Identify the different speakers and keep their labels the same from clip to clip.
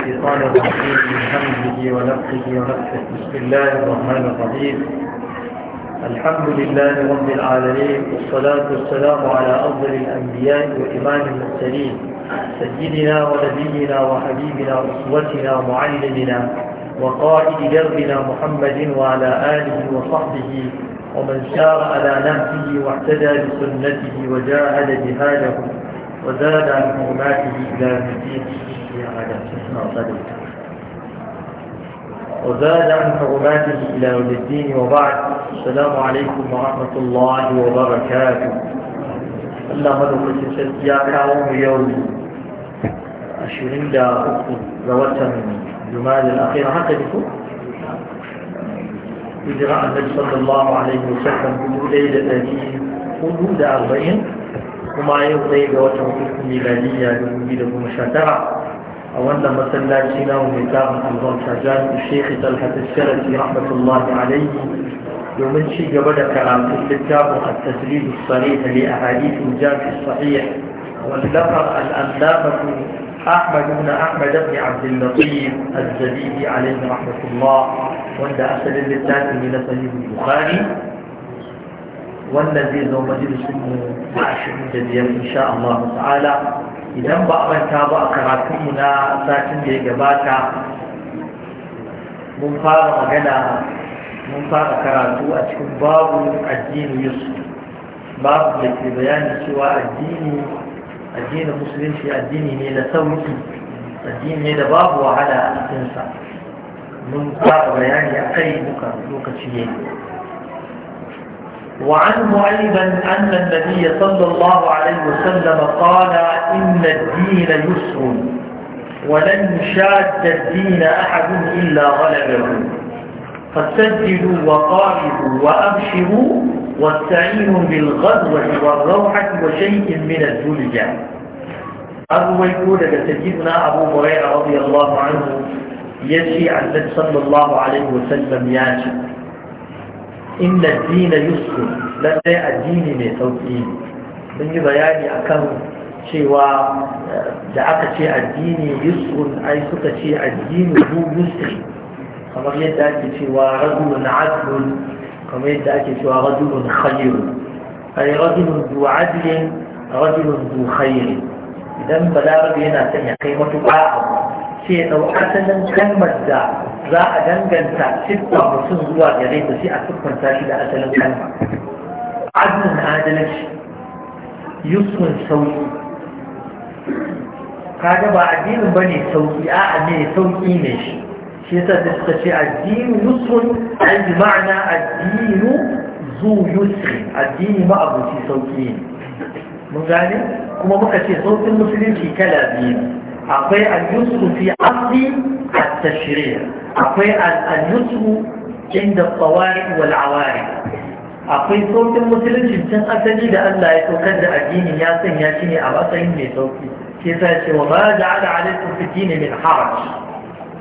Speaker 1: الشيطان الرجيم من حمده ونفسه ونفسه بسم الله الرحمن الرحيم الحمد لله رب العالمين والصلاة والسلام على أفضل الأنبياء وإمام المرسلين سيدنا ونبينا وحبيبنا وأسوتنا ومعلمنا وقائد دربنا محمد وعلى آله وصحبه ومن سار على نهجه واعتدى بسنته وجاهد جهاده وزاد عن حرماته إلى المدينة وزاد عن حرماته إلى يوم الدين وبعد السلام عليكم ورحمة الله وبركاته الله مدوك يا كاوم يوم أشهرين دا أخو زوجة من جمال الأخيرة حتى بكم إجراء النبي صلى الله عليه وسلم ليلة أبيه حدود أربعين وما يوم ليلة وتوقف ميلادية لمبيد المشاترة أولا مثلا سلام مكام الضوء جان الشيخ طلحة السلفي رحمة الله عليه يومن شي قبل كلام الكتاب التسليد الصريح لأحاديث الجامع الصحيح واللقر الأنلافة أحمد بن أحمد بن عبد اللطيف الزبيدي عليه رحمة الله وأن أسد اللتان من صحيح البخاري والذي ذو مجلس الجديد إن شاء الله تعالى idan ba a manta ba a karatunmu na satin da ya gabata mun fara magana mun fara karatu a cikin babu addini yusuf babu da ke bayani cewa addini addinin musulunci addini ne da sauki addini ne da babu wahala a cikinsa mun fara bayani a kai muka lokaci ne وعنه أيضا أن النبي صلى الله عليه وسلم قال إن الدين يسر ولن يشاد الدين أحد إلا غلبه فسجدوا وقاربوا وأبشروا واستعينوا بالغدوة والروحة وشيء من الزلجة أبو ويقول سيدنا أبو هريرة رضي الله عنه يشي عن صلى الله عليه وسلم ياشي inna dina yusuf lallai addini mai sauki. Mun yi bayani akan cewa eh, da aka ce addini Yusuf ai suka ce addini hu yusri kamar yadda ake cewa rajulun adlun kamar yadda ake cewa rajulun khairu ai rajulun du adlin rajulun du khairin idan balarabe yana sanya ya kai matuƙa abu sai ya ɗau asalin kalmar da za a danganta siffar mutum zuwa gare ta sai a siffanta shi da asalin kalma adalin adalci yusufin sauki kaga ba addinin ba ne sauki a'a ne sauki ne shi shi yasa da suka ce addini yusufin ai bi ma'ana addinu zu yusri addini ma abuci sauki ne mun gane kuma muka ce sauƙin musulunci kala biyu akwai al fi asli a tashri akwai al inda tsawari wal akwai saukin musulunci cin asali da Allah ya saukar da addinin ya sanya shi ne a matsayin mai sauki ke sa ce wa ba da ala alaikum fi dini min haraj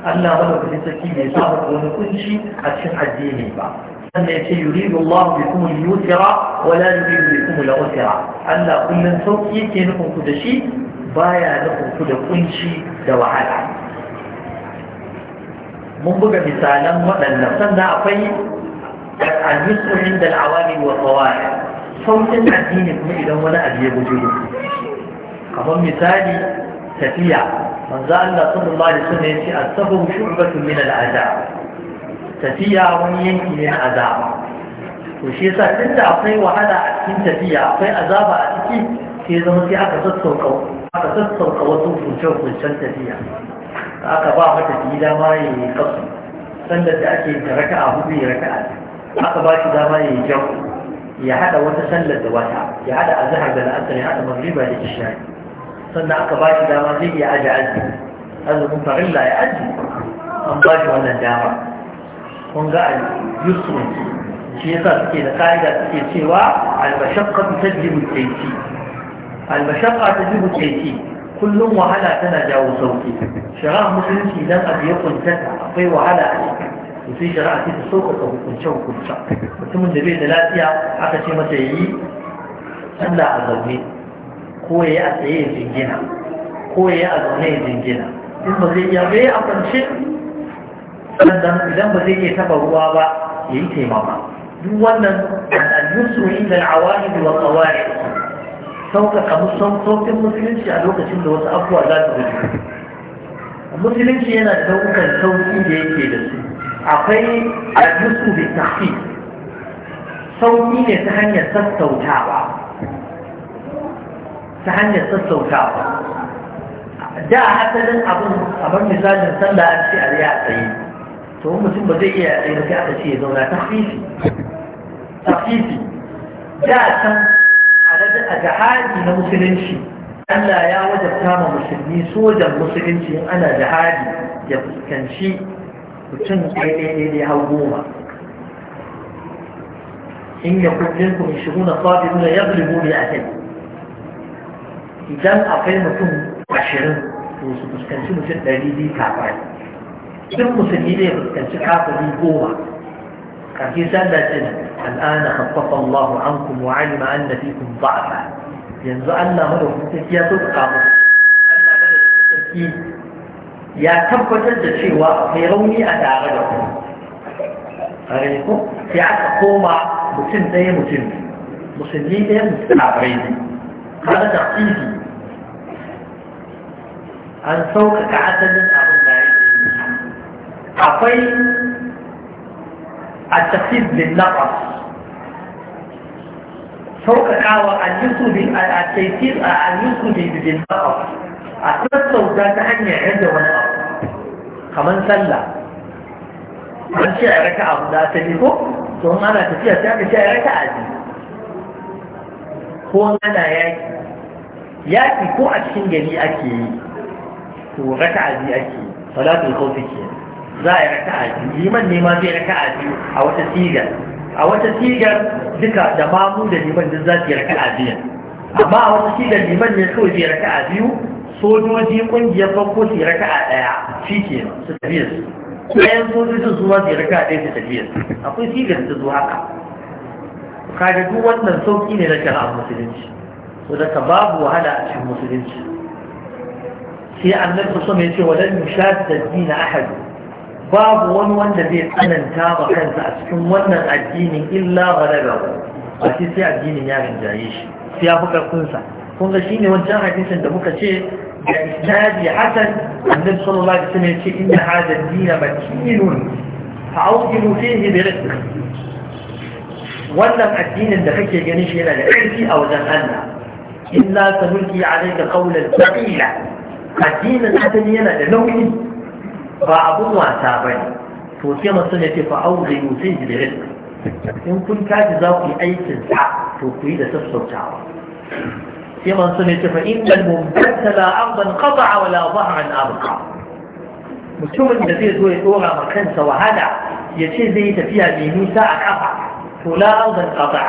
Speaker 1: Allah wala kuma saki mai sa muku wani kunci a cikin addini ba sannan ya ce yuridu Allah bikum al-yusra wala la yuridu kuma al Allah kullum sauki yake nufin ku da shi baya nufin ku da kunci da wahala mun buga misalan waɗannan sannan akwai al-yusru inda al-awami wa tawaya saukin addini kuma idan wani abu ya bujuro kamar misali tafiya manzo Allah sallallahu alaihi wasallam yace as-sabru shu'batun min al-adab tafiya wani yanki ne na azaba to shi yasa tunda akwai wahala a cikin tafiya akwai azaba a ciki sai zama sai aka sassauka aka sassauka wasu hukuncen-hukuncen tafiya aka ba mata fila dama ya yi kasu sannan da ake da raka a hudu ya raka a aka ba shi dama ya yi jan ya hada wata sallar da wata ya hada zahar da la'asar ya hada magriba da isha'i sannan aka ba shi dama zai iya aji aji azumin farilla ya aji an ba shi wannan dama kun ga al-yusuf shi yasa suke da ka'ida suke cewa al-mashaqqatu tajlibu al-taysir المشقة تجيب التيسير kullum wahala tana jawo sauki shari'a musulunci idan abu ya kuntata akwai wahala a ciki sai shari'a ce ta sauƙaƙa hukunce hukunce mutumin da bai da lafiya aka ce masa ya yi sallah a zaune ko ya yi a tsaye ya jingina ko ya yi a zaune ya jingina in ba zai iya bai a kwance idan ba zai iya taɓa ruwa ba ya yi taimama duk wannan al'adusu inda al'awari da wa tsawari a musamman musulunci a lokacin da wasu abubuwa za su gudu musulunci yana da daukan sauƙi da yake da su akwai a yusu da tafi sauƙi ne ta hanyar sassautawa ta hanyar sassautawa da asalin abin kamar misalin sallah a ce a riya tsaye to mutum ba zai iya tsaye ba sai aka ce ya zauna tafifi tafifi da can a jihadi na musulunci Allah ya wajabta ma musulmi sojan musulunci in ana jihadi ya fuskanci mutum ɗaiɗaiɗaiɗai har goma in ya kujin kuma shigo na sabi nuna ya zulibu ne a kai idan akwai mutum ashirin to su fuskanci mutum ɗari biyu kafai duk musulmi ne ya fuskanci kafari goma kafin sallah ce الآن خفف الله عنكم وعلم أن فيكم ضعفا ينزو ألا ملو تسكي تبقى ألا ملو تسكي يا تبقى تجد شيء وخيروني أتعرضكم أريكم في عكا قومة مسلم دي مسلم مسلمين دي مسلم عبريدي هذا تعطيدي أن سوقك عسل أبو بعيد أعطي التخفيف للنقص sauƙaƙawa a yusufi a taifir a yusufi da jimbawa a sassauta ta hanyar yadda wani abu kamar sallah an ce a raka abu da ta ko don ana tafiya ta ka ce a raka a ko ana yaki yaki ko a cikin gari ake yi to raka a ake yi salatul khawfi ke za a yi raka a liman ne ma zai raka a a wata sigar a wata sigar duka da mamu da liman duk za su yi raka'a biyu amma a wata sigar liman ne kawai zai raka'a biyu sojoji kungiyar farko su yi raka'a ɗaya shi ke su tafiya su ɗayan sojojin su ma su yi raka'a ɗaya su tafiya akwai sigar ta zo haka kaga duk wannan sauƙi ne na shari'ar musulunci so ka babu wahala a cikin musulunci sai annabi sallallahu alaihi wasallam ya ce wa lan yushadda ad-din ahad babu wani wanda zai tsananta ba kansa a cikin wannan addinin illa balagahu ba sai sai addinin ya rinjaye shi sai ya fi karfinsa kun ga ne wancan hadisin da muka ce da isnadi hasan annabi sallallahu alaihi wasallam ya ce inna hadha ad-din matinun fa'awdilu fihi bi rizq wannan addinin da kake ganin shi yana da ƙarfi a wajen Allah illa tabulki alayka qawlan thaqila addinin asali yana da nauyi ba abun wasa ba ne to sai mutum ya ce fa auga yi sai jibirin in kun tashi za ku yi aikin sa to ku yi da sassautawa sai mutum ya ce fa inda mumbatta la arban qada wa la zahran abqa mutumin da zai zo ya dora ma kansa wahala ya ce zai yi tafiya mai nisa a kafa to la arban qada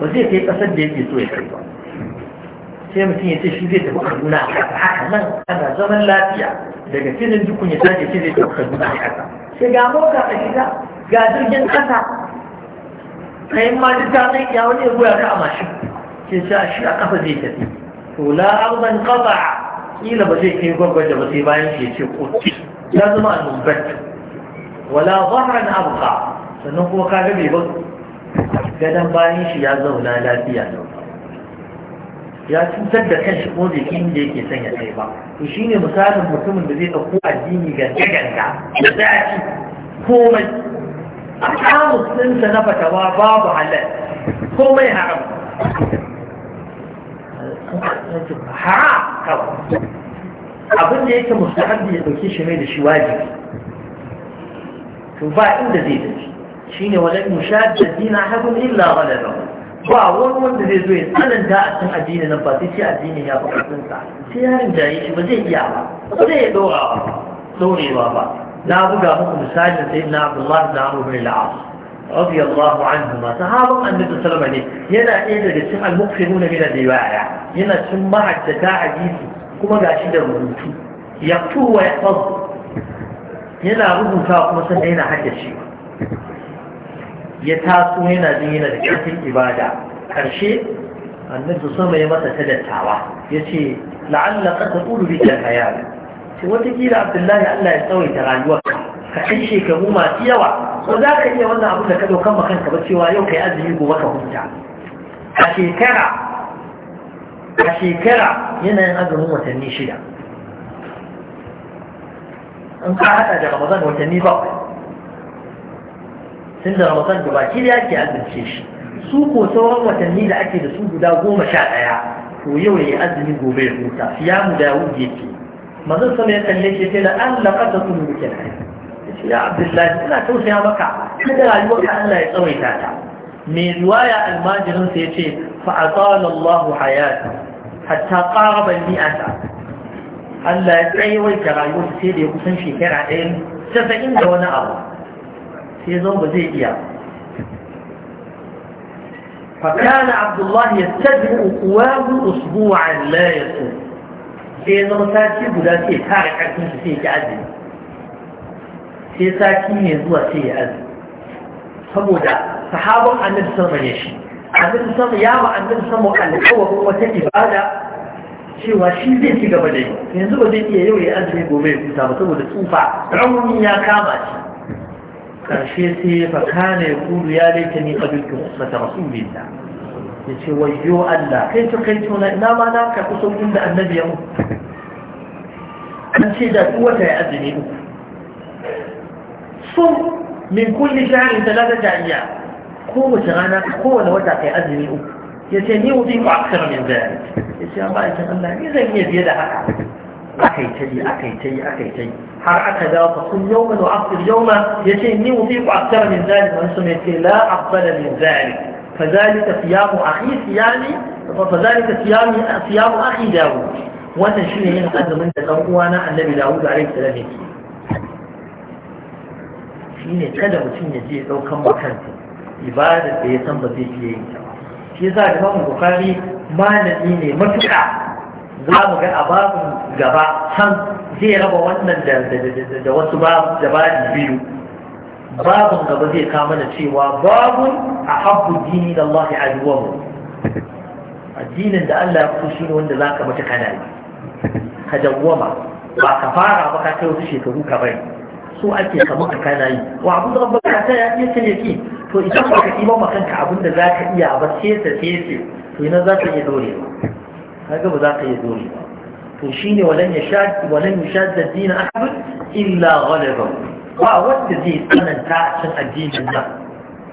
Speaker 1: ba zai kai kasar da yake so ya kai ba sai mutum ya ce shi zai tafi kaduna a ƙasa haka nan ana zaman lafiya daga filin dukun ya tashi shi zai tafi kaduna a ƙasa sai ga mota a gida ga jirgin ƙasa kayan ma duk ta tsaye ya wani ya goya ka a mashin ke sa shi a ƙafa zai tafi to la arban qata kila ba zai kai gwagwaje ba sai bayan shi ya ce kotu ya zama annobat wala zahran abqa sannan kuma kaga bai ba gadan bayan shi ya zauna lafiya lau ya cutar da kanshi ko jikin da yake sanya ya kai ba to shine misalin mutumin da zai ɗauko addini ga ganga da zafi komai a kamus ɗinsa na fatawa babu halal komai haram haram kawai abin da yake mustahabi ya ɗauke shi mai da shi wajibi to ba inda zai tafi shine walan yushadda dina hakun illa ghalaba ba wani wanda zai zo ya tsananta a cikin addini nan ba sai ce addini ya fi ƙarfinsa sai yarin jaye shi ba zai iya ba ba zai iya ɗora ba ɗorewa ba na buga muku misalin sai na abdullahi na abu bin la'as radiyallahu anhu ma sahaban annabi sallama ne yana ɗaya daga cikin al-muqsiruna min al-riwaya yana cikin mahaddata hadisi kuma gashi da rubutu yaktu wa yahfaz yana rubuta kuma sannan yana haddace ya taso yana jin yana da ƙarfin ibada ƙarshe annabi sama ya masa ta dattawa ya ce la'alla ka ta ƙudu bi ta kaya ce watakila abdullahi allah ya tsawaita rayuwarka ka ɗan shekaru masu yawa ko za ka iya wannan abu da ka ɗaukan ma kanka ba cewa yau ka yi azumi gobe ka huta a shekara a shekara yanayin azumin watanni shida in ka haɗa da ramadan watanni bakwai tun da ramadan da baki da ake azumce shi su ko sauran watanni da ake da su guda goma sha ɗaya to yau ya azumi gobe ya huta siyamu da yawun yake manzon sama ya kalle shi ya da an ka tafi mu kike ya Abdullahi ina tausaya maka kada rayuwar ka Allah ya tsawaita ta mai riwaya almajirin sa yace fa atala Allahu hayata hatta qaraba mi'ata Allah ya tsaye rayuwar sai da ya kusan shekara ɗaya 90 da wani abu sai zan ba zai iya فكان عبد الله يستدعو قواه اسبوعا لا يصوم sai zama sati guda sai kare karfin shi sai ya azumi sai sati mai zuwa sai ya azumi saboda sahabon annabi sama ne shi ya ma annabi sama alƙawarin wata ibada cewa shi zai ci gaba da yi yanzu ba zai iya yau ya azumi gobe ya kuta ba saboda tsufa rauni ya kama shi ƙarshe sai fa kana ya kulu ya laita ni a qabiltu ummata rasulillah yace wayyo Allah kai to kai to na ma na ka kusa inda annabi ya mu an ce da kuwata ya azumi uku sun min kulli sha'in talata ta'iyya kowace rana kowane wata kai azumi uku yace ni wuti ku aksara min zalik yace a idan Allah ni zan iya biye da haka aka yi ta yi aka yi ta yi aka yi ta yi har aka dawo ka sun yau mai wa'afir yau ma ya ce ni wufi ku aksara min zali wani su mai ce la abbala min zali fa zali ka siyamu akhi siyami fa zali ka siyami siyamu akhi dawo wannan shi ne yin azumin da ɗan na annabi da dawud alaihi salam yake shi ne kada mutum ya je ɗaukan makansa ibadar da ya san ba zai fiye yin ta shi yasa Imam Bukhari malami ne matuƙa za mu ga a babin gaba san zai raba wannan da wasu da biyu babin gaba zai kama da cewa babu a habbu dini da Allah ya aduwa addinin da Allah ya fito shi ne wanda za ka mata kana yi ka dawwama ba ka fara ba ka kai wasu shekaru ka bari so ake kamar ka kana yi wa abu da baka ta ya iya yake to idan baka kima makanka abin da za ka iya ba sai ta sai to ina za ka iya dorewa kaga ba za ka iya dore ba to shine walan ya sha walan ya sha addini ahad illa ghalaba ba wanda zai tsananta a cikin addinin nan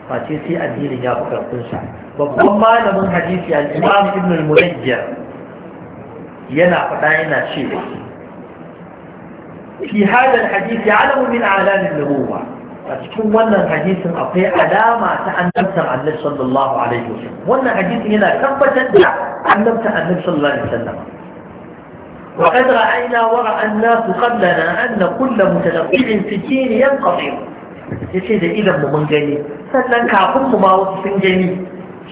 Speaker 1: face sai addinin ya fi karfin sa babban malamin hadisi al-Imam Ibn al-Munajjir yana faɗa yana cewa في هذا الحديث علم من أعلام A cikin wannan hadisin akwai alama ta annabtar annabi sallallahu alaihi wasallam wannan hadisin yana tabbatar da علمت عن النبي صلى الله عليه وسلم وقد راينا وراى الناس قبلنا ان كل متلقي في الدين ينقطع يسيد اذا من فلن سنن كافر ما وسن جني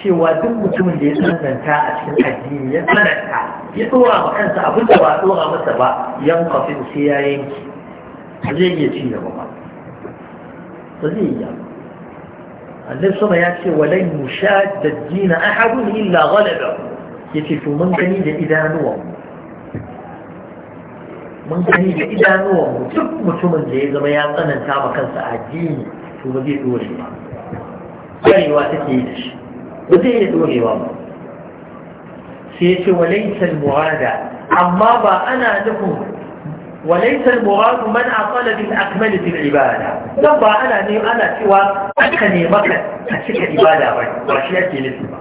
Speaker 1: شوى دم مسلم دي سنن تا الدين يسنن يطور وكان سابن دوا طور مسبا ينقطع سيايين زي يا بابا زي يا النبي صلى الله عليه وسلم ولن يشاد الدين احد الا غلبه yace to mun gani da idanuwan mun gani da mu duk mutumin da ya zama ya tsananta ma kansa jini to ba zai dore ba karewa take yi da shi ba zai iya dorewa ba sai ce walaysa murada amma ba ana nufin وليس المراد من أقل بالأكمل في العبادة لما أنا أنا سوى ba مكة أشك عبادة nufi ba.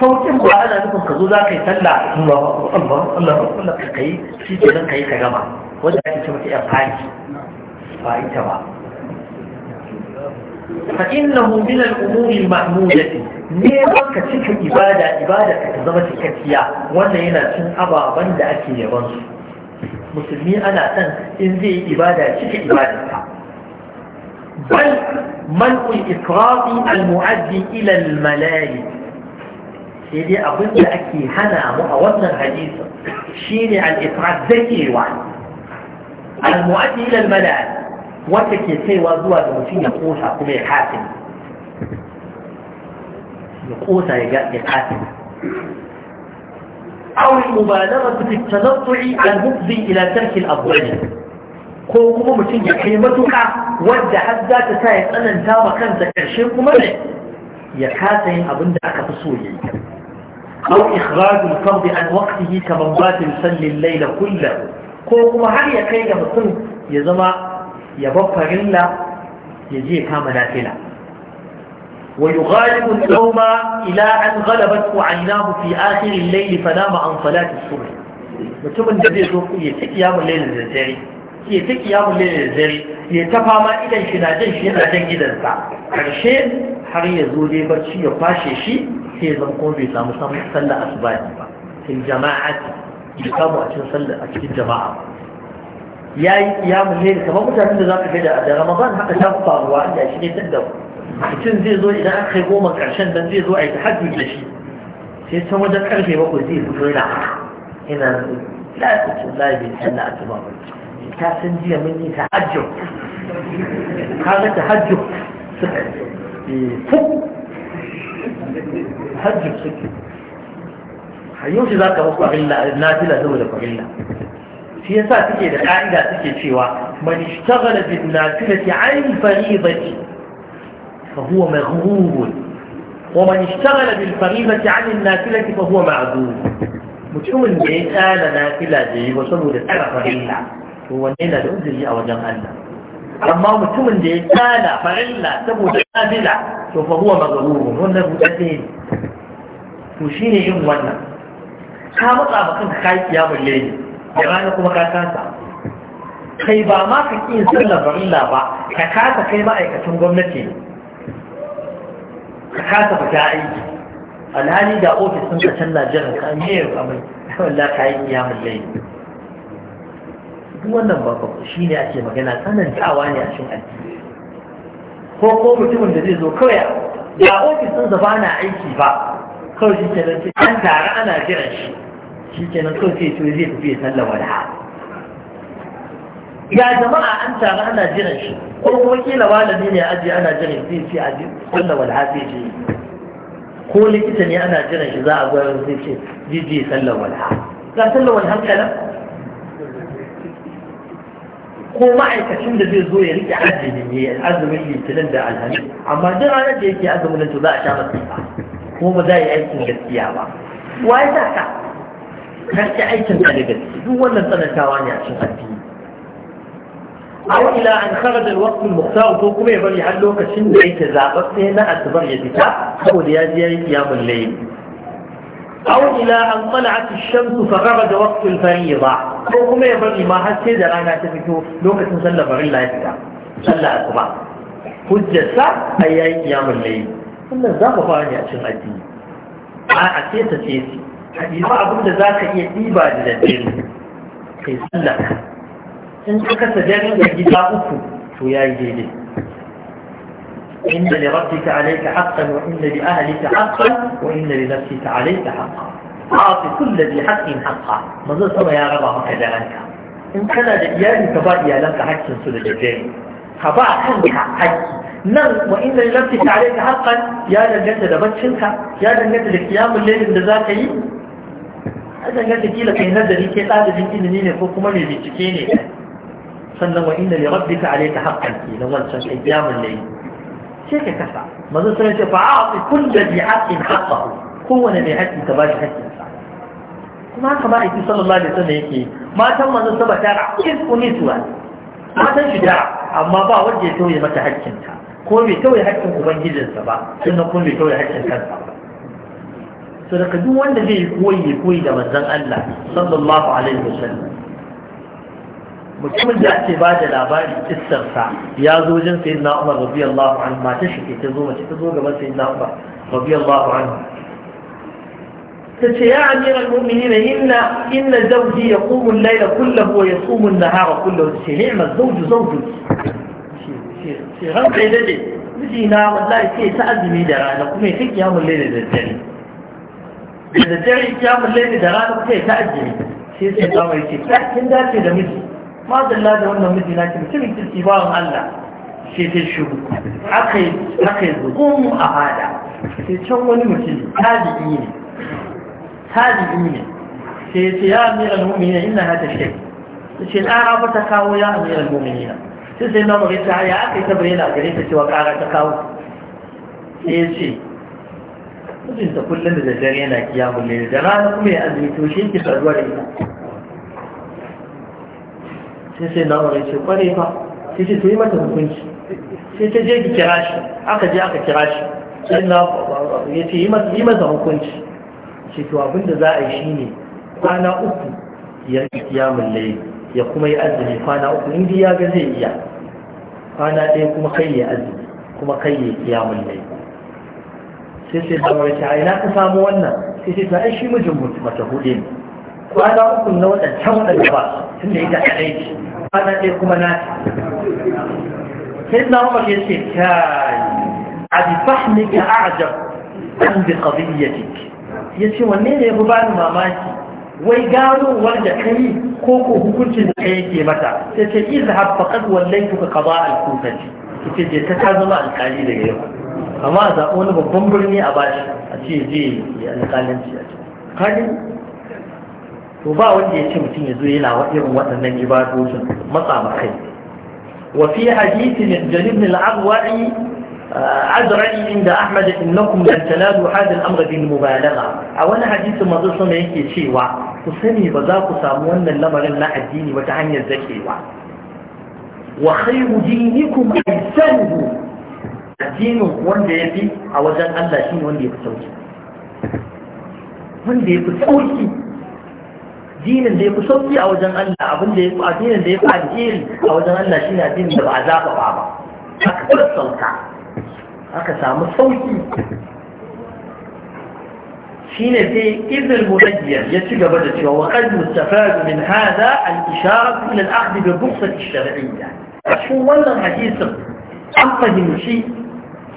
Speaker 1: saukin ba ana nufin ka zo za ka yi sallah Allah Allah Allah Allah ka kai shi ke nan ka yi ka gama wanda ake ce mata yan fari ba ita ba fa innahu min al-umuri al-mahmudati ne ka cika ibada ibada ka zama cikakkiya wannan yana cin ababen da ake yaban su musulmi ana son in zai yi ibada cika ibadarsa bal man al-ikrafi al-mu'addi ila al-malalik سيدي أبدا أكي حنا مؤوضنا الحديث شيني عن إفراد ذكي وعن المؤدي إلى الملال وكي سي وزوى المسي يقوسها قمي حاتم يقوسها يقاسي حاتم أو المبالغة في التنطع المفضي إلى ترك الأبوان قوم مسي قيمتك ودى حد ذات سايق أن انتام كان ذكر شيء يا كاتين أبن دعك بصوري أو إخراج الفرد an وقته كمن بات يصلي الليل كله ko kuma har ya kai ga mutum ya zama ya farilla ya je kama nafila wa yughalibu al-nawma ila an ghalabat aynahu fi akhir al-layl fa nama an salati as-subh mutumin da zai zo ya ta kiyamul layl da dare ya ta kiyamul layl da dare ya ta fama idan shi na jin shi yana jan gidansa karshe har ya zo dai barci ya kwashe shi sai zan kuma bai samu sallar asuba ba fil jama'ati bai kamo a cikin sallar a cikin jama'a ba ya yi kiyamun ne kamar mutane da za ka gaida a ramadan haka ta faruwa Allah shi ne tunda mutum zai zo idan aka kai goma karshen dan zai zo a yi tahajjud da shi sai ta wajen karfe bakwai zai fito yana yana lafiyacin lafi sallah a sallar ba ta san jiya mun yi tahajjud ka ga tahajjud هج بسكين حيوشي ذاك وصل غلا نازلة زوجة غلا في ساعة تجد قاعدة تجد فيها من اشتغل بالنافلة عن فريضة فهو مغروب ومن اشتغل بالفريضة عن النافلة فهو معذور متعوم من آل نافلة جيب وصلوا للتعرف غلا هو نينا لأجري أو جمع amma mutumin da ya tsada farilla saboda nafila to fa huwa maghrurun wannan rudadde ne to shine yin wannan ka matsa ba kanka kai kiyamul ne, ya rana kuma ka kasa kai ba ma ka ƙi sallar farilla ba ka kasa kai ma'aikatan gwamnati ne ka kasa ba ta aiki alhali da ofis sun ka canza jiran ka ne ya kamar wallah ka yi kiyamun duk wannan ba shi ne ake magana tsanantawa ne a cikin addini ko ko mutumin da zai zo kawai a, ya ofis ɗinsa ba na aiki ba kawai shi kenan sai an tare ana jiran shi shi kenan kawai sai to zai tafi ya sallama da haka ya jama'a an tare ana jiran shi ko kuma kila malami ne aji ana jiran shi sai a ji sallama da haka sai ko likita ne ana jiran shi za a gwayar sai ce jiji sallama da haka ga sallama da ko ma'aikacin da zai zo ya rike azumi ya azumin litinin da alhamis amma duk ranar da yake azumin to za a sha ba, ko ba za a yi aikin gaskiya ba wa ya sa ka karki aikin ka da gaske duk wannan tsanantawa ne a cikin addini aw ila an kharaja al-waqt al ko kuma ya bari har lokacin da yake sai na asubar ya fita saboda ya je ya yi layl أو إلى أن طلعت الشمس فغرد وقت الفريضة وكما يبغي ما حسي ذا أنا تفتو لوكة مسلى فريلا يفتع سلى أكبر حجة أي أي قيام الليل إن الزاق فاني أشن أدين a ce ta ce su ba abin da za ka iya ɗiba da daddare kai sallah in ka kasa jami'in da gida uku to ya yi daidai إن لربك عليك حقا وإن لأهلك حقا وإن لنفسك عليك حقا أعطي كل ذي حق حقا ماذا سمع يا رب عن كذلك إن كان لإياني كبار يا لك حق سنسل الجزين خبع حق حق نعم وإن لنفسك عليك حقا يا لجنة لبت شنك يا لجنة لكيام الليل من ذاته هذا يجب أن لك إن هذا لكي تعالى لكي نين فوقما لكي تكيني فنو إن لربك عليك حقا لما تشنك أيام الليل sai ka kasa manzo sai ce fa'ati kullu bi haqqin haqqahu kowane mai haƙƙi ba shi haƙƙin sa kuma haka ba aiki sallallahu alaihi wasallam yake matan manzo saba tara isku niswa matan shi da amma ba wanda ya tauye mata haƙƙin ta ko bai tauye haƙƙin ubangijinsa ba sannan kun bai tauye haƙƙin kansa ba sadaka duk wanda zai koyi koyi da manzon Allah sallallahu alaihi wasallam mutumin da ake ba da labari kissarsa ya zo jin sai na umar radiyallahu anhu mata shi ke ta zo mace ta zo gaban sai na umar radiyallahu anhu تتي يا أمير المؤمنين إن إن زوجي يقوم الليل كله ويصوم النهار كله تتي نعم الزوج زوجي في غنق يددي مجينا والله يتي سأزمي درانا كم يفك يوم الليل الدجري الدجري يوم الليل درانا كم يتأزمي سيسي قام يتي فأكين داتي دمجي ma dalla da wannan miji na kin mutumin kirki bawan Allah sai ta shiru aka yi aka yi zuƙum a hada sai can wani mutum tabi'i ne tabi'i ne sai ya ce ya amir al-mu'minin inna hada shay sai tsara ba ta kawo ya amir al-mu'minin sai sai na mare ta ya aka yi ta bayyana gare ta cewa ƙara ta kawo sai ya ce mijinta kullum da daddare yana kiyamun lere da rana kuma ya azumi to shi ke faruwa da ita sai sai na wuri ce kware ba sai ce to yi mata hukunci sai ta je ki kira shi aka je aka kira shi sai na ya ce yi masa hukunci ce to abin da za a yi shi ne kwana uku ya yi kiyamun layi ya kuma yi azumi kwana uku in ya ga zai iya kwana ɗaya kuma kai ya azumi kuma kai ya kiyamun layi sai sai da wuri ta na ka samu wannan sai sai ta ai shi mijin mutu mata hudu ne kwana uku na waɗancan waɗanda ba tun da ita a aiki na ɗaya kuma na sai na umar ya ce kai a bi an bi qadiyyatik ya ce wanne ne ya fi bani mamaki wai ganowar wanda ka yi ko ko hukuncin da ka yake mata sai ce izhab faqad wallaytu ka ba al-kufati ce je ta ta zama alƙali daga yau amma a zaɓi wani babban birni a bashi a ce je ya alƙalanci a ce to ba wanda ya ce mutum ya zo yana wa irin waɗannan ibadojin matsa kai. wa fi hadithin janib min al-abwa'i azra'i ah, inda ahmad innakum lan tanalu hadha al-amr bil mubalagha a wani hadisi manzo sama yake cewa ku sani ba za ku samu wannan lamarin na addini ba ta hanyar zakewa wa khayru dinikum ahsanuhu addinin wanda ya fi a wajen Allah shine wanda ya fi sauki wanda ya fi sauki dinin da ya fi sauki a wajen Allah abin da ya fi addinin da ya fi addini a wajen Allah shine addinin da ba a zafa ba aka sassauta aka samu sauki حين في إذن المبين يتجب بدأت وقد مستفاد من هذا الإشارة إلى الأخذ بالرخصة الشرعية شو ولا حديث أم فهم شيء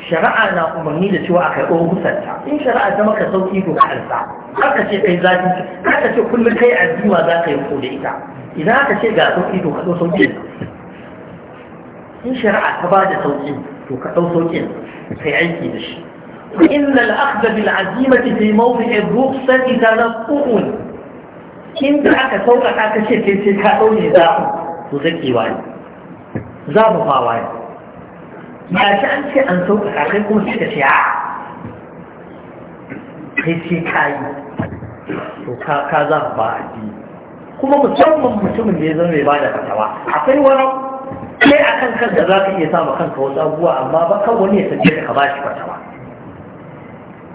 Speaker 1: shari'a na umarni da cewa a karɓo hukunta in shari'a ta maka sauki to ka alsa aka ce kai zafi aka ce kullum kai addima za ka yi ko ita idan aka ce ga sauki to ka ɗau sauki in shari'a ta ba da sauki to ka ɗau sauki kai aiki da shi da إن الأخذ بالعزيمة في موضع الرخصة تلقؤ in da aka sauƙa ka ce sai sai ka ɗaure za mu zaki waye za mu fa ba ta an ce an sauƙaƙa kai kuma suka ce a kai ce kayi to ka za ku ba addini kuma musamman mutumin da ya zama mai ba da fatawa akwai wani kai a kan da za ka iya samu kanka wasu abubuwa amma ba kan wani ya tambaye ka ba shi fatawa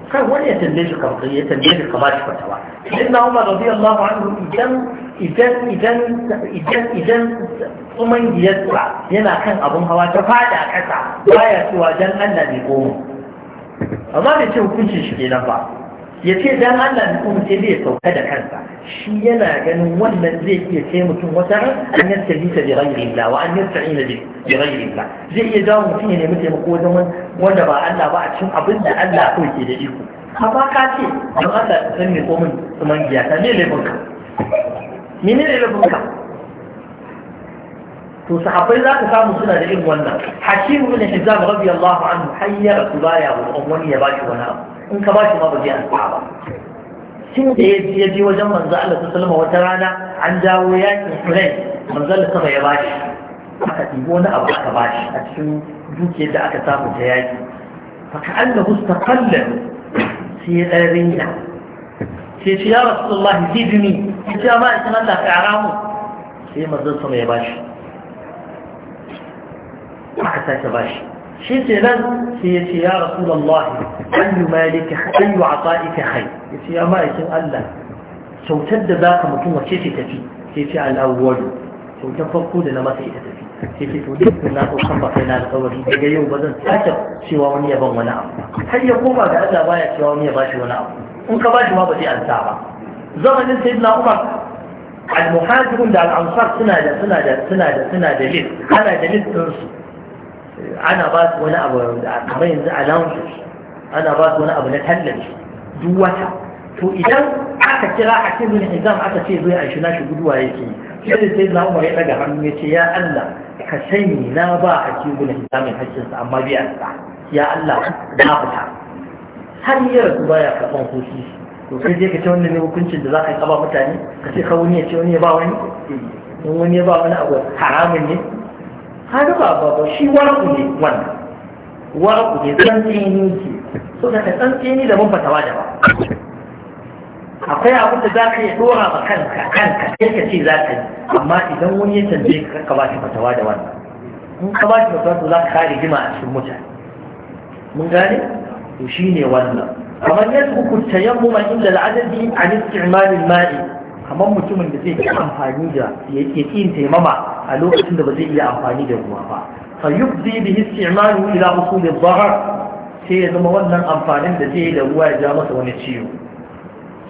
Speaker 1: kan wani ya tambaye shi ka ba shi fatawa sai na umar radiyallahu anhu idan idan idan idan idan tsuman giyarsa yana kan abin hawa ta fada ƙasa baya cewa dan Allah ne komo amma da ce hukuncin shi kenan ba ya ce dan Allah ne komo sai zai sauka da kansa shi yana ganin wannan zai iya kai mutum wata ran an yi bisa bi ghairi Allah wa an yanta ila da rayu Allah zai iya jawo mutum ya nemi taimako wajen wanda ba Allah ba a cikin abin da Allah kawai ke da iko amma ka ce don Allah ta san ne komin tsuman giyarsa ne laifinka menene laifinka to sahabbai za ka samu suna da irin wannan za mu hizam radiyallahu anhu hayyara su baya roƙon wani ya bashi wani abu in ka bashi ma ba zai alfa ba tun da ya je wajen manzo Allah sallallahu alaihi wata rana an jawo yakin Hunain manzo Allah sama ya bashi aka dibo wani abu aka bashi a cikin dukiyar da aka samu ta yaki fa ka annahu istaqalla sai ya dan rinya يا رسول الله زدني انت ما اتمنى في اعرامه سي مرضي صلى يا باشا ما حسيت يا باشا سيتي لن سيتي يا رسول الله اي مالك اي عطائك خير سيتي يا ما اتمنى الله سو تد ذاك مكين وشيتي تفي سيتي الاول سو تفقود لما سيتي تفي سيتي تولي سنة وخمبا فينا لقوري بقى يوم بذن تاتب سيواني يبون ونعم هل يقوم بأذى بايا سيواني يباشي ونعم in ka ba shi ma ba zai ansa ba zamanin sayyidina umar al-muhajirun da al-ansar suna da suna da suna da suna da list ana da list din su ana ba su wani abu kamar yanzu allowances ana ba su wani abu na tallafi duk wata to idan aka kira a cikin hizam aka ce zai aishi na shi guduwa yake sai da sai na umar ya daga hannu ya ce ya Allah ka sani na ba a cikin hizam hakkin sa amma biya sa ya Allah na fita har ya rasu baya karɓan kofi to kai je ka ce wannan ne hukuncin da za ka kaba mutane ka ce ka wani ya ce wani ya ba wani in wani ya ba wani abu haramun ne har ba ba ba shi waraku ne wannan waraku ne tsantseni ce so da ka tsantseni da mun fata wajaba ba akwai abin da za ka yi dora ma kanka kanka sai ka ce za ka yi amma idan wani ya canje ka ka ba shi fata wajaba wannan in ka ba shi fata wajaba za ka kare gima a cikin mutane mun gane to shine wannan kamar yadda kuta yammuma inda al'adadi a istimalin ma'i kamar mutumin da zai yi amfani da ya yin taimama a lokacin da ba zai iya amfani da ruwa ba fa yubdi bi istimalu ila usul ad-dharar sai ya zama wannan amfanin da zai yi da ruwa ya ja masa wani ciwo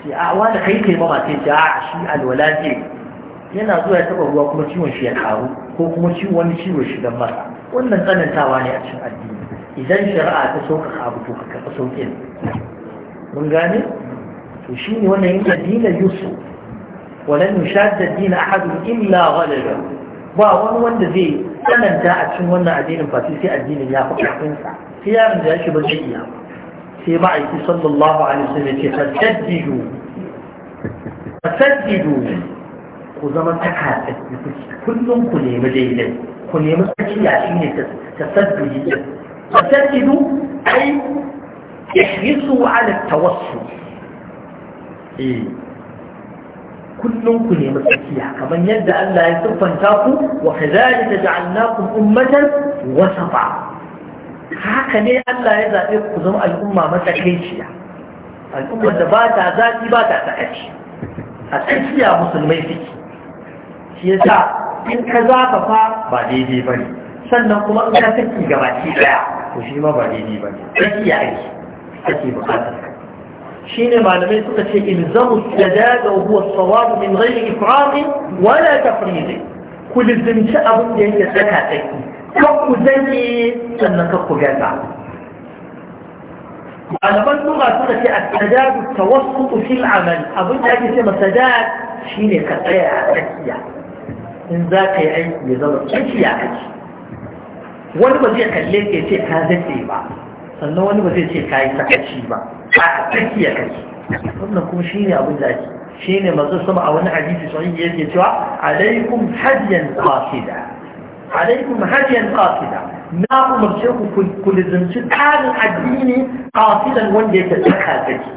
Speaker 1: sai a wani kai taimama sai ja a shi alwala ce yana zuwa ya ruwa kuma ciwon shi ya karu ko kuma ciwon wani ciwo shi masa wannan tsanantawa ne a cikin addini idan shari'a ta sauƙaƙa abu to ka karɓi sauƙin mun gane to shi ne wannan yin addinin yusuf walan nushadda addinin ahadun illa ghalaba ba wani wanda zai tsananta a cikin wannan addinin ba sai addinin ya kan sa sai yaron da ya shi ba zai iya sai ba ma'aiki sallallahu alaihi wasallam ya ce fasaddidu fasaddidu ku zama ta taka kullum ku nemi daidai ku nemi tsakiya shine tasaddudi فتجد أي يحرصوا على التوسل إيه كلكم ya مسيح كما يدى أن لا يتفنتاكم وكذلك جعلناكم أمة وسطا haka ne Allah ya zaɓe ku zama al'umma matsakaiciya al'ummar da ba ta zafi ba ta tsakaci a tsakiya musulmai suke shi ya sa in ka zafafa ba daidai ba ne sannan kuma in ka saki gabaki ɗaya to shi ma ba daidai ba ne tsakiya ake ake bukatar shi ne malamai suka ce ilzamu sadaqa wa huwa sawabu min ghairi ifraq wala tafriq ku lizinci abin da yake tsaka tsaki kan ku zane sannan kan ku gaza malaman lura suka ce a sadadu tawassutu fil amal abin da ake ce ma sadad shine ka tsaya a tsakiya in za ka yi aiki ya zama tsakiya kake wani ba zai kalle ka ce ka zaɗe ba sannan wani ba zai ce ka yi sakaci ba a tsakiya kai wannan kuma shi ne abin da ake shi ne masu sama a wani hadisi sahihi yake cewa alaikum hadiyan qasida alaikum hadiyan qasida na umarce ku ku lizanci tsarin addini qasidan wanda yake tsaka zaki.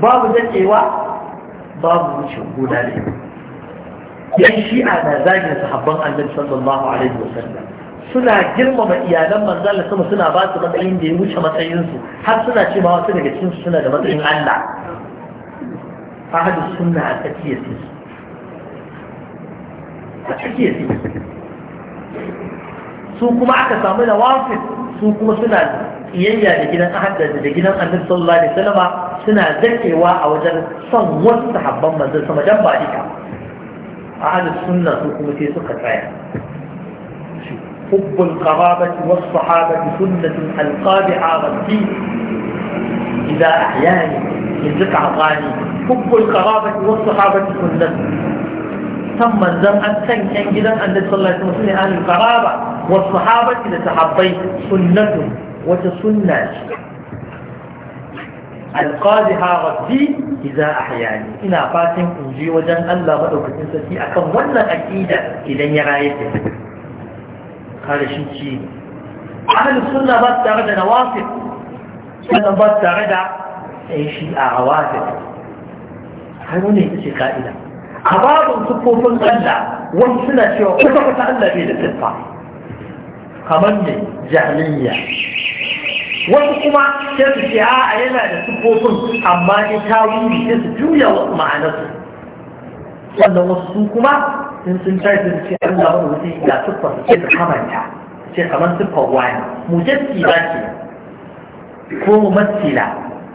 Speaker 1: babu dakewa babu wuce guda ne yan shi'a na zagin sahabban annabi sallallahu alaihi wasallam suna girmama iyalan manzon Allah sama suna ba su matsayin da ya wuce matsayinsu har suna ce ma wasu daga cikin su suna da matsayin Allah ahadu sunna a tsakiya su a tsakiya su su kuma aka samu da wafi su kuma suna iyayya da gidan ahadda da gidan annabi sallallahu alaihi wasallam suna zakewa a wajen son wasu sahabban manzon sama dan ba dika ahadu sunna su kuma sai suka tsaya حب القرابة والصحابة سنة حلقا بحاغا إذا أحياني يزق عطاني حب القرابة والصحابة سنة ثم الزمع الثاني كان جدا أن صلى الله عليه وسلم القرابة والصحابة إذا تحبيت سنة وتسنة القاضي هذا إذا أحياني إنا أفاتم أجي وجن الله بدوك تنسى في أكم ولا أكيد إذا يرايك kada shi ci ahalin suna ba tare da nawafin suna ba tare da ɗaya shi a awafin har wani ita ce ka'ida a babin siffofin allah wasu suna cewa kusa kusa allah bai da siffa kamar ne jahiliya wasu kuma ce su ce a yana da siffofin amma ne ta wuri sai su juya wasu ma'anarsu Wannan wasu kuma Sun sun tashi su ce Allah wani wuce ga tuffa su ce su kamanta ce kamar tuffa wani mujassi ba ce ko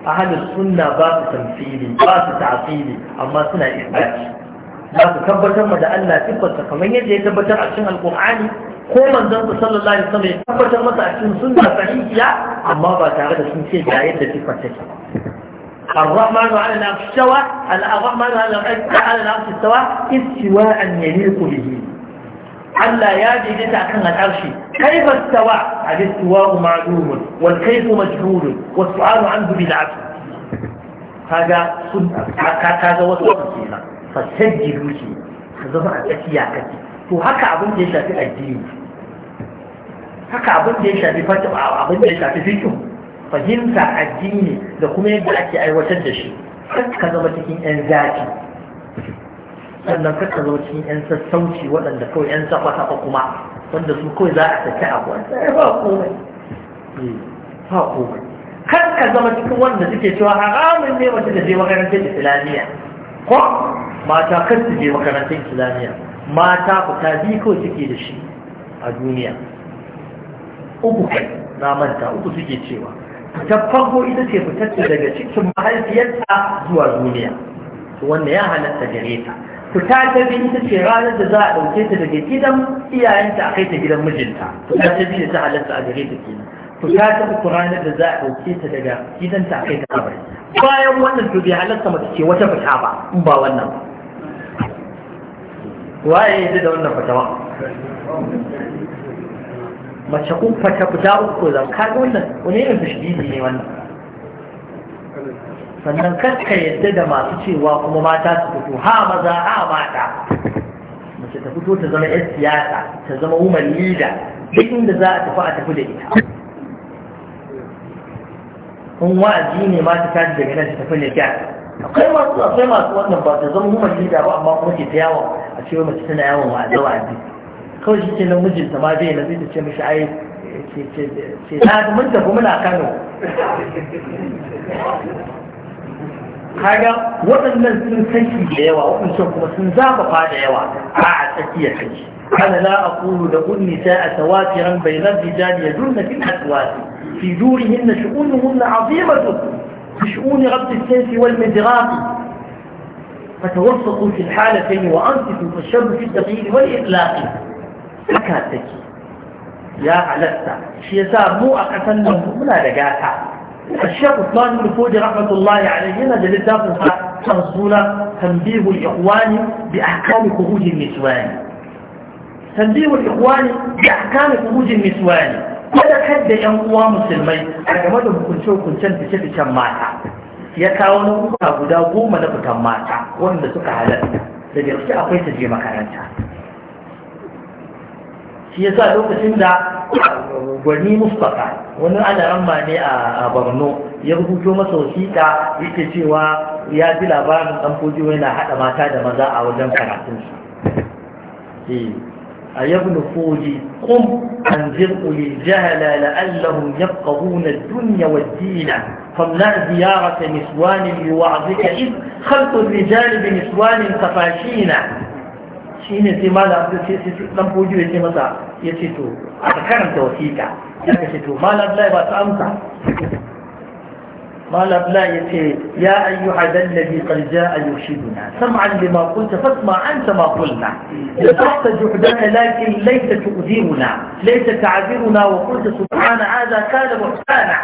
Speaker 1: A hannun sunna ba su tamfili ba su ta'fili amma suna ce. za su tabbatar ma da Allah siffarsa kamar yadda ya tabbatar a cikin alkur'ani ko manzon ku sallallahu alaihi wasallam ya tabbatar masa a cikin sunna sahihiya amma ba tare da sun ce ga yadda tuffa take ba الرحمن على العرش استوى الرحمن على العرش استوى استواء يليق به ألا يجد أكن العرش كيف استوى الاستواء معلوم والكيف مجهول والسؤال عنه بالعكس هذا سنة هذا وصف كينا فسجلوا شيء فزرع ما أتيا كتي to haka abin da ya shafi addini haka abin da ya shafi fahimta addini da kuma yadda ake aiwatar da shi ka zama cikin 'yan zafi sannan ka zama cikin 'yan sassauci waɗanda kawai 'yan saba-saba kuma wanda su kawai za a saki abu ba komai hmm, ba komai kar ka zama cikin wanda suke cewa haramun ne mace da je makarantar islamiyya ko mata kar su je makarantar islamiyya mata ta bi kawai suke da shi a duniya uku kai na manta uku suke cewa ta farko ita ce fitar daga cikin mahaifiyarta zuwa duniya wannan ya halatta gare ta fita ta biyu ita ce ranar da za a ɗauke ta daga gidan iyayenta a kai ta gidan mijinta fita ta biyu ta halatta a gare ta kenan fita ta uku ranar da za a ɗauke ta daga gidanta a kai ta kabari bayan wannan to bai halatta mace ce wata fita ba in ba wannan ba waye ya da wannan fatawa mace kun fata fita uku zan kaga wannan wani irin tashbihi ne wannan sannan karka yadda da masu cewa kuma mata su fito ha maza ha mata mace ta fito ta zama 'yan siyasa ta zama woman leader duk inda za a tafi a tafi da ita in wa'azi ne ma ta tashi daga nan ta tafi ne gya akwai masu akwai masu wannan ba ta zama woman leader ba amma kuma ke ta yawon a cewa mace tana yawon wa'azi wa'azi kawai shi ke nan mijinta ma zai nazi ta ce mishi ai ce na mun tafi muna kano kaga waɗannan sun saki da yawa waɗancan kuma sun zafafa da yawa a a tsakiyar kai ana la a kulu da kunni sai a tawafiran bai nan rijali ya dunna fil aswati fi durihin na shi'unuhun na azimatu fi shi'uni rabbi sanfi wal midrafi فتوسطوا في الحالتين وأنصفوا فالشر في التغيير والإطلاق haka take ya halatta shi yasa mu a ƙasar nan muna da gata الشيخ عثمان بن فوج رحمة الله عليه هنا للدافع تنصولا تنبيه الإخوان بأحكام خروج النسوان تنبيه الإخوان بأحكام خروج النسوان ماذا حد ينقوى مسلمين أجمع لهم كل شيء كل شيء بشكل شماتا يكاونوا أبدا قوما لفتن ماتا وهم سكا هلتا لذلك أقوي تجي مكانتا shi yasa lokacin da gwani mustapha wani alaramma ne a borno ya rubuto masa wasiƙa yake cewa ya ji labarin ɗan fujiyo yana haɗa mata da maza a wajen karatunsu eh, a yabnu fuji kum an zirku lil jahala ya yafqahuna ad-dunya wad-din famna ziyarata niswan yu'azika id khalqu ar-rijal bi niswan tafashina shine sai malam sai sai dan fujiyo ya ce masa ya ce to aka karanta wasiƙa ya ce to malam zai ba su amsa قال لا يتي يا أيها الذي قد جاء يرشدنا سمعا لما قلت فاسمع أنت ما قلنا لتحت جهدنا لكن ليس تؤذينا ليس تعذرنا وقلت سبحان هذا كان محسانا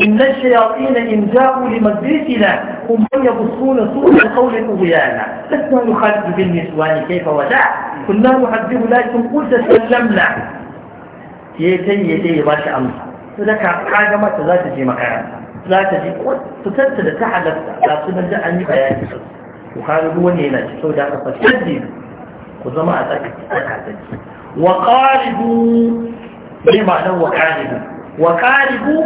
Speaker 1: إن الشياطين إن جاءوا لمجلسنا هم من يبصون سوء القول طغيانا لسنا نخالف بالنسوان كيف ودع كنا نعذب لكن قلت سلمنا يتي يتي ما شاء الله فذكر حاجة ما تزال تجي مكانها za ta je fitarta da ta halatta ga su nan da an yi bayani ku kaga duk wanda yana cikin da aka fashe ku zama a tsakatsaki wa qaribu ne ma nan wa qaribu wa qaribu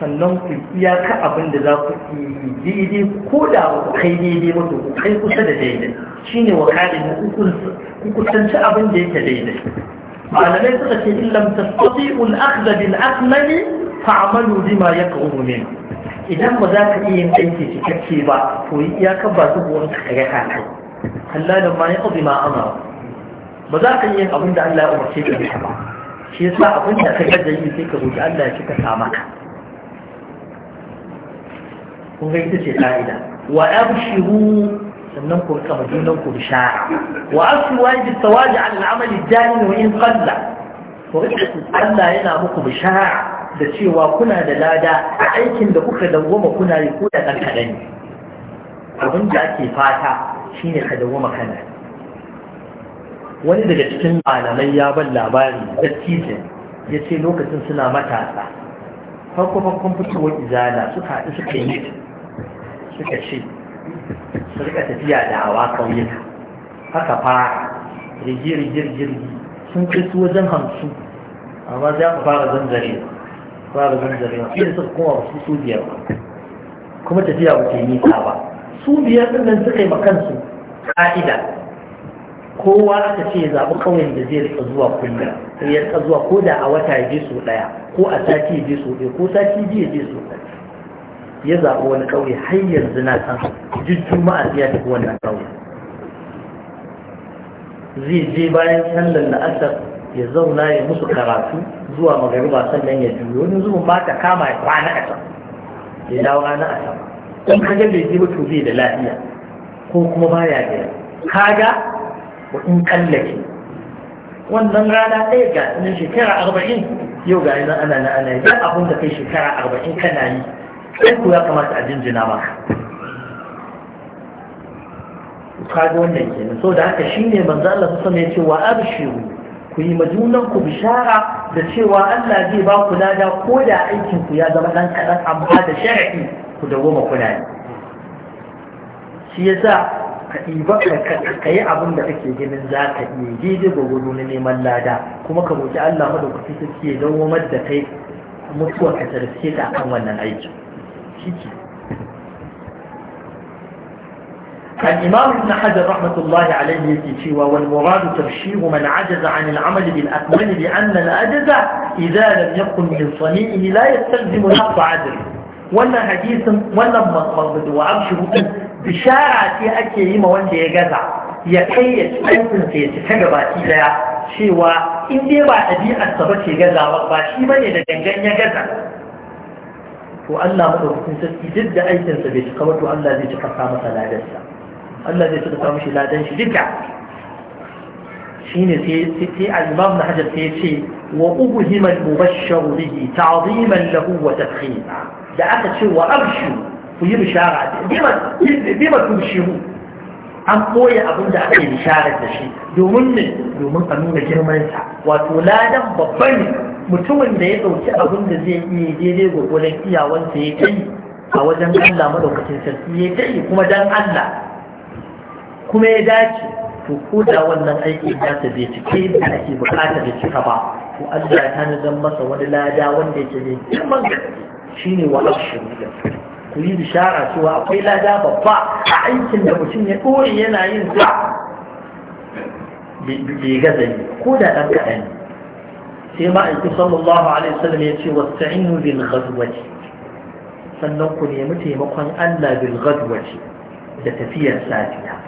Speaker 1: sannan ku iyaka abin da za ku yi daidai ko da ba ku kai daidai ba to ku kai kusa da daidai shine wa qaribu ku kusanci abin da yake daidai malamai suka ce in lam tastati'u al-akhdha bil akmali fa'malu bima yaqrubu minhu idan ba za ka iya yin aiki cikakke ba to ya kan ba su buwan ka kare ka kai hallalin ma ya ƙazi ma amara ba za ka iya yin abin da Allah ya umarce ka da ba shi yasa abin da ka da yi sai ka roki Allah ya cika sa maka kun ga ita ce ka'ida wa abshiru sannan ku rika majunan ku bishara wa asu wajibi tawaji al amali jani wa in qalla ku rika Allah yana muku bishara da cewa kuna da lada a aikin da kuka dawwama kuna yi ko da ɗan kaɗan abin da ake fata ne ka dawwama kana wani daga cikin malamai ya ban labari dattijan ya ce lokacin suna matasa farko farkon fitowar izala suka haɗu suka yi suka ce su rika tafiya da hawa ƙauyuka haka fara rigirgirgirgi sun kai su wajen hamsin amma za ku fara zanzare fara zanzarewa sai da suka koma su biyar kuma tafiya ba ta yi nisa ba su biyar din nan suka yi ma kansu ka'ida kowa aka ce ya zaɓi ƙauyen da zai rika zuwa kullum sai ya rika zuwa ko da a wata ya je so ɗaya ko a sati ya je so ɗaya ko sati biyu ya je so ɗaya ya zaɓi wani ƙauye har yanzu na san jujjuma a ya tafi wannan ƙauye zai je bayan sallar la'asar ya zauna ya musu karatu zuwa magariba sannan ya juyo wani zuwa ba ta kama ya kwana a can ya dawo rana a can in ka ga bai ba to bai da lafiya ko kuma baya da kaga ko in kallake wannan rana ɗaya ga na shekara arba'in yau ga nan ana na ana yi abin da kai shekara arba'in kana yi sai ku ya kamata a jinjina maka kaga wannan kenan so da haka shine manzo Allah sallallahu alaihi wasallam ya ce wa abshiru ku yi majunan ku bishara da cewa Allah zai ba ku lada ko da aikin ku ya zama dan kadan amma da shar'i ku dawoma kuna yi shi yasa ka iba ka yi abin da kake ganin za ka iya daidai gwagwado na neman lada kuma ka roki Allah madaukaki sarki ya dawomar da kai mutuwa ka tarfe ta akan wannan aikin shi الإمام ابن حجر رحمة الله عليه يتشوى والمراد تبشير من عجز عن العمل بالأكمل لأن الأجز إذا لم يكن من صنيعه لا يستلزم نقص عدل ولا حديث ولا مصرد وأبشر بشارة أكيم وانت يجزع يكي يتأثن سيتفق باتي لا شوى إن دي با أبيع الصبت يجزع وقباشي من يدنجن يجزع وأن الله مدرسين سيدد أيتن سبيت قوة أن لا ذي تقصى مثلا لسه Allah zai suka samu shi ladan shi duka shine sai sai al-imam na hajar sai ce wa himar al-mubashshar bihi ta'ziman lahu wa tadkhima da aka ce wa abshu ku yi bishara bima bima tubshiru an koya abin da aka yi bisharar da shi domin ne domin a nuna girmansa wato ladan babba ne mutumin da ya ɗauki abin da zai iya daidai gwagwalon iyawansa ya kai a wajen Allah maɗaukacin sarki ya kai kuma dan Allah kuma ya dace to ko da wannan aiki ya ta bai cike da ake bukata da cika ba to Allah ya tanadar masa wani lada wanda yake ne girman gaske shine wa abshiru ku yi bishara cewa akwai lada babba a aikin da mutum ya ɗore yana yin sa bai gaza yi ko da ɗan kaɗan sai ma'aiki sallallahu alaihi wasallam ya ce wasta'inu bil ghadwati sannan ku nemi taimakon Allah bil ghadwati da tafiyar safiya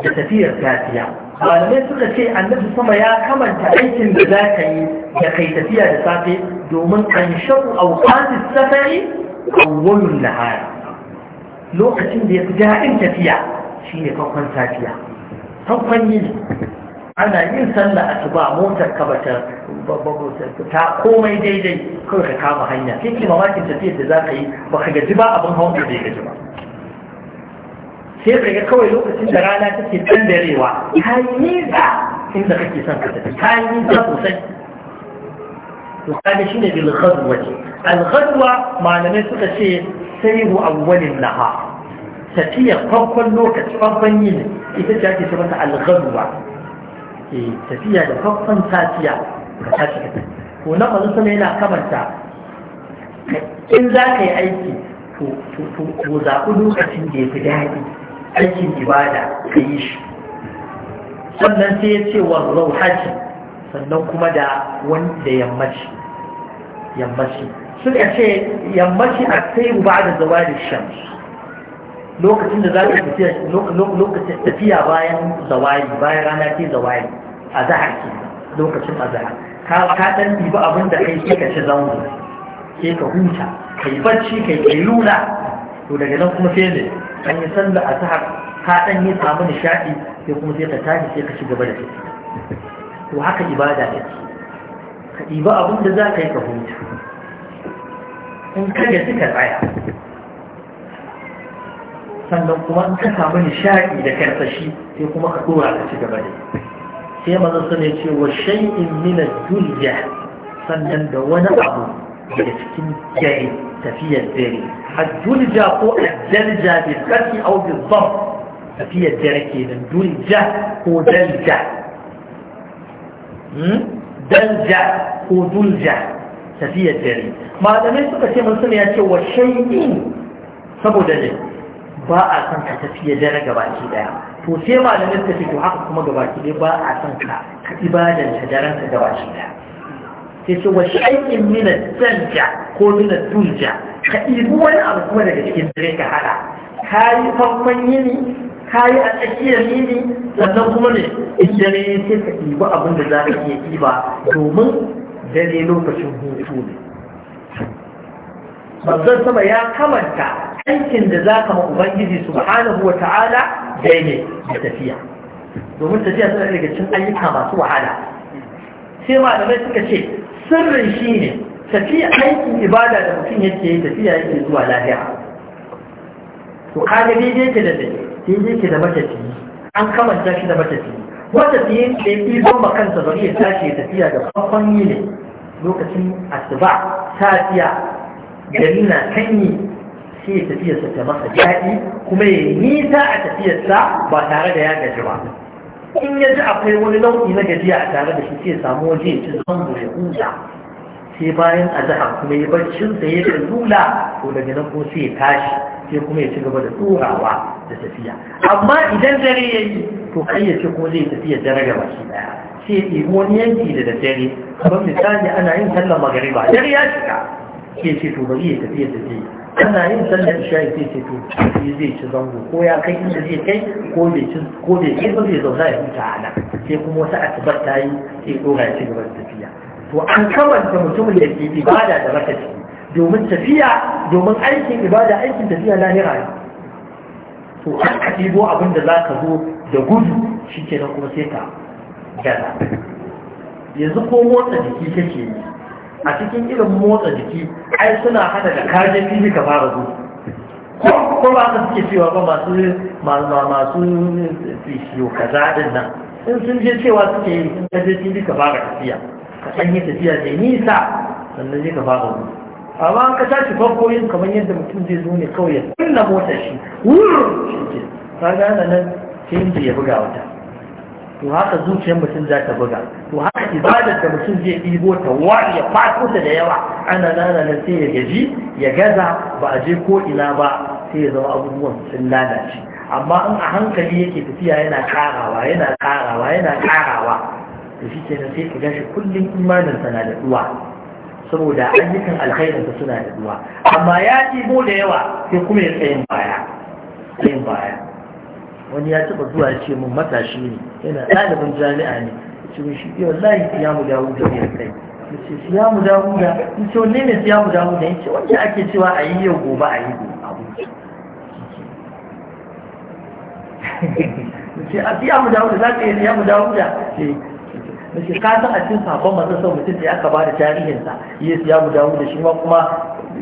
Speaker 1: da tafiyar tafiya malamai suka ce annabi sama ya kamanta aikin da za ka yi da kai tafiya da safe domin an shaku auqati safari awwalun nahar lokacin da ya fi daɗin tafiya shine farkon safiya farkon yini ana yin sallah asuba motar ka bata ta komai daidai kawai ka kama hanya kike mamakin tafiyar da za ka yi baka gaji ba abin hawan da bai gaji ba sai ka kawai lokacin da rana take ɗan darewa ta yi nisa inda kake son ka tafi ta yi nisa sosai to kaga shine bil ghadwa ce al ghadwa malamai suka ce sai sayru awwalin laha tafiya farkon lokaci farkon yin ita ce ake ce mata al ghadwa eh tafiya da farkon safiya ka tashi ka tafi Ko na manzo sai yana kamanta in za ka yi aiki to to to zaɓi lokacin da ya fi daɗi aikin ibada ka yi shi sannan sai ya ce wa rauhaji sannan kuma da wanda yammaci yammaci suka ce yammaci a sai ba da zawa da shams lokacin da za ka tafiya lokacin tafiya bayan zawali bayan rana ce zawali a zahar ke lokacin a zahar ka ka dan ɗiba abin da kai kika ka ci zango sai ka huta kai bacci kai kai luna to daga nan kuma sai ne an yi sallah a sahar ka dan yi samu nishadi sai kuma sai ka tashi sai ka ci gaba da tafiya to haka ibada ne ka ɗiba abin da za ka yi ka huta in ka gaji ka tsaya sannan kuma in ka samu nishaɗi da karsashi sai kuma ka dora ka ci gaba da sai maza su ne cewa wa shay'in min ad sannan da wani abu daga cikin jahil tafiyar dare hajjulja ko ajjalja bil karfi aw bil dhab tafiyar dare kenan dulja ko dalja dalja ko dulja tafiyar dare malamai suka ce mun sun ya ce wa saboda ne ba a san ka tafiyar dare gabaki daya to sai malamai suka ce to haka kuma gabaki daya ba a san ka ibadan ta daren ka gabaki daya sai ce aikin shay'in min ko min ad-dulja ka ibu wani abu kuma daga cikin dare ka hada yi farkon yini kayi a tsakiyar yini sannan kuma ne in dare sai ka ibu abin da za ka iya iba domin dare lokacin hutu ne manzon sama ya kamanta aikin da za ka ma ubangiji subhanahu wa ta'ala da ne da tafiya domin tafiya suna daga cikin ayyuka masu wahala sai malamai suka ce sirrin shi ne tafiya aikin ibada da mutum yake yi tafiya yake zuwa lafiya to kaga daidai ke da daidai ke da matafiyi an kamanta shi da matafiyi matafiyin da ya ɗiban makansa bari ya tashi ya tafiya da farkon yi ne lokacin asuba safiya gari na kanyi sai tafiyarsa ta masa daɗi kuma ya nisa a tafiyarsa ba tare da ya gaji ba in ya ji akwai wani nau'i na gajiya a tare da shi sai samu waje ya ci zaman ya huta sai bayan jiha kuma ya sa ya ka lula to daga nan ko sai ya tashi sai kuma ya ci gaba da tsorawa da tafiya amma idan dare ya yi to kai ya ce ko zai tafiya dare ga baki daya sai ya ɗibi wani yanki da daddare kamar misali ana yin sallar magariba dare ya shiga sai ce to bari ya tafiya da zai kana yin sallar shayi ya ce to shi zai ci zango ko ya kai inda zai kai ko bai ci ko bai kai ba zai zauna ya huta a nan sai kuma wata asibar ta yi sai ɗora ya ci gaba da tafiya to an kamanta mutumin da ke ibada da rakaci domin tafiya domin aikin ibada aikin tafiya lahira ne to an ka ɗibo abin da za ka zo da gudu shi ke kenan kuma sai ka gaza yanzu ko motsa jiki kake yi a cikin irin motsa jiki ai suna hada da kaje fili ka fara gudu ko ba ka suke cewa ba masu masu fisiyo ka din nan in sun je cewa suke yi sun kaje fili ka fara tafiya ka san yi tafiya mai nisa sannan je ka fara gudu amma ka tashi farko yin kamar yadda mutum zai zo ne kawai ya kunna motar shi wurin, shi ke ka gane nan sai ya buga wata to haka zuciyar mutum za ta buga to haka ibadar da mutum zai ɗibo ta wa ya fato ta da yawa ana nana sai ya gaji ya gaza ba a je ko ina ba sai ya zama abubuwan sun lalace amma in a hankali yake tafiya yana karawa yana karawa yana karawa to shi sai ka gashi kullum imaninsa na da duwa saboda ayyukan alkhairinsa suna da duwa amma ya ɗibo da yawa sai kuma ya tsayin baya tsayin baya wani ya taba zuwa ya ce mun matashi ne yana ɗalibin jami'a ne ce shi iya eh, wallahi ya mu dawo da mai kai ya ce siya mu dawo da in ce wanne ne siya mu dawo da ya ce wanda ake cewa a yi yau gobe a yi gobe ce a siya mu dawo da za ka yi siya mu dawo da ce mace ka san a cikin sabon masu sau mutum da aka ba da tarihinsa ya siya mu dawo da shi ma kuma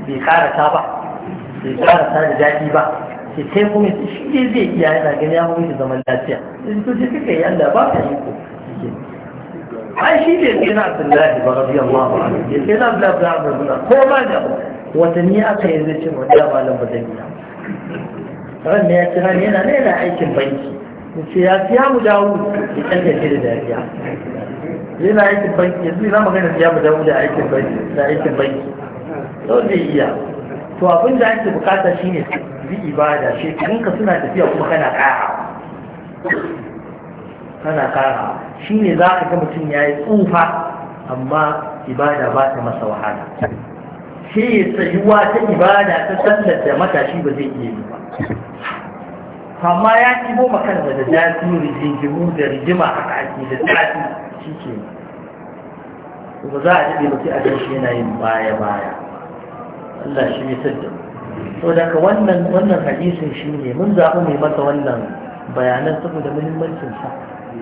Speaker 1: bai karata ba bai karata da daɗi ba ce kai kuma shi ne zai iya yana gani ya mutu zaman lafiya da su ce suka yi Allah ba ka yi ko ai shi ne sai na Abdullahi ba rabbi Allah ba ne na na Abdullahi ba rabbi ko ma da watanni aka yi zai ce wanda malam ba zan yi ran ne ya kira ne yana ne yana aikin banki mu ce ya siya mu dawo ya kanta shi da dariya yana aikin banki yanzu ina gani siya mu dawo da aikin banki da aikin banki sau da iya to abin da ake bukata shine ne yi ibada ka suna tafiya kuma kana kara kana kara shi ne za ka ga mutum ya yi tsufa amma ibada ba ta masa wahala shi ya tsayuwa ta ibada ta sallar da matashi ba zai iya yi ba amma ya ci goma kansa da zafi rigingimu da rigima a ƙaƙi da zafi shi ke ba za a jibe mutu a shi yana yin baya-baya Allah shi ne sadda mu to daga wannan wannan hadisin shi ne mun zaɓi mai masa wannan bayanan saboda muhimmancin sa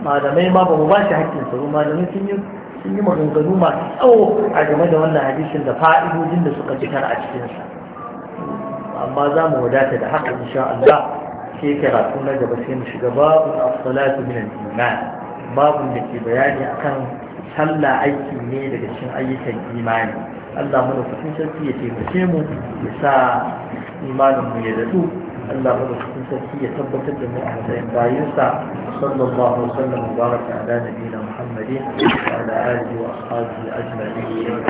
Speaker 1: malamai ma ba mu ba hakkin sa malamai sun yi sun yi maganganu masu tsawo a game da wannan hadisin da fa'idojin da suka fitar a cikin sa amma za mu wadata da haka insha Allah ke karatu na gaba sai mu shiga babu as-salatu min al-iman babu da ke bayani akan sallah aiki ne daga cikin ayyukan imani Allah mu da sarki ya taimake mu ya sa imanin mu ya dadu Allah mu da sarki ya tabbatar da mu a matsayin bayansa sallallahu alaihi wa sallam baraka ala nabiyina Muhammadin wa ala alihi wa ashabihi ajma'in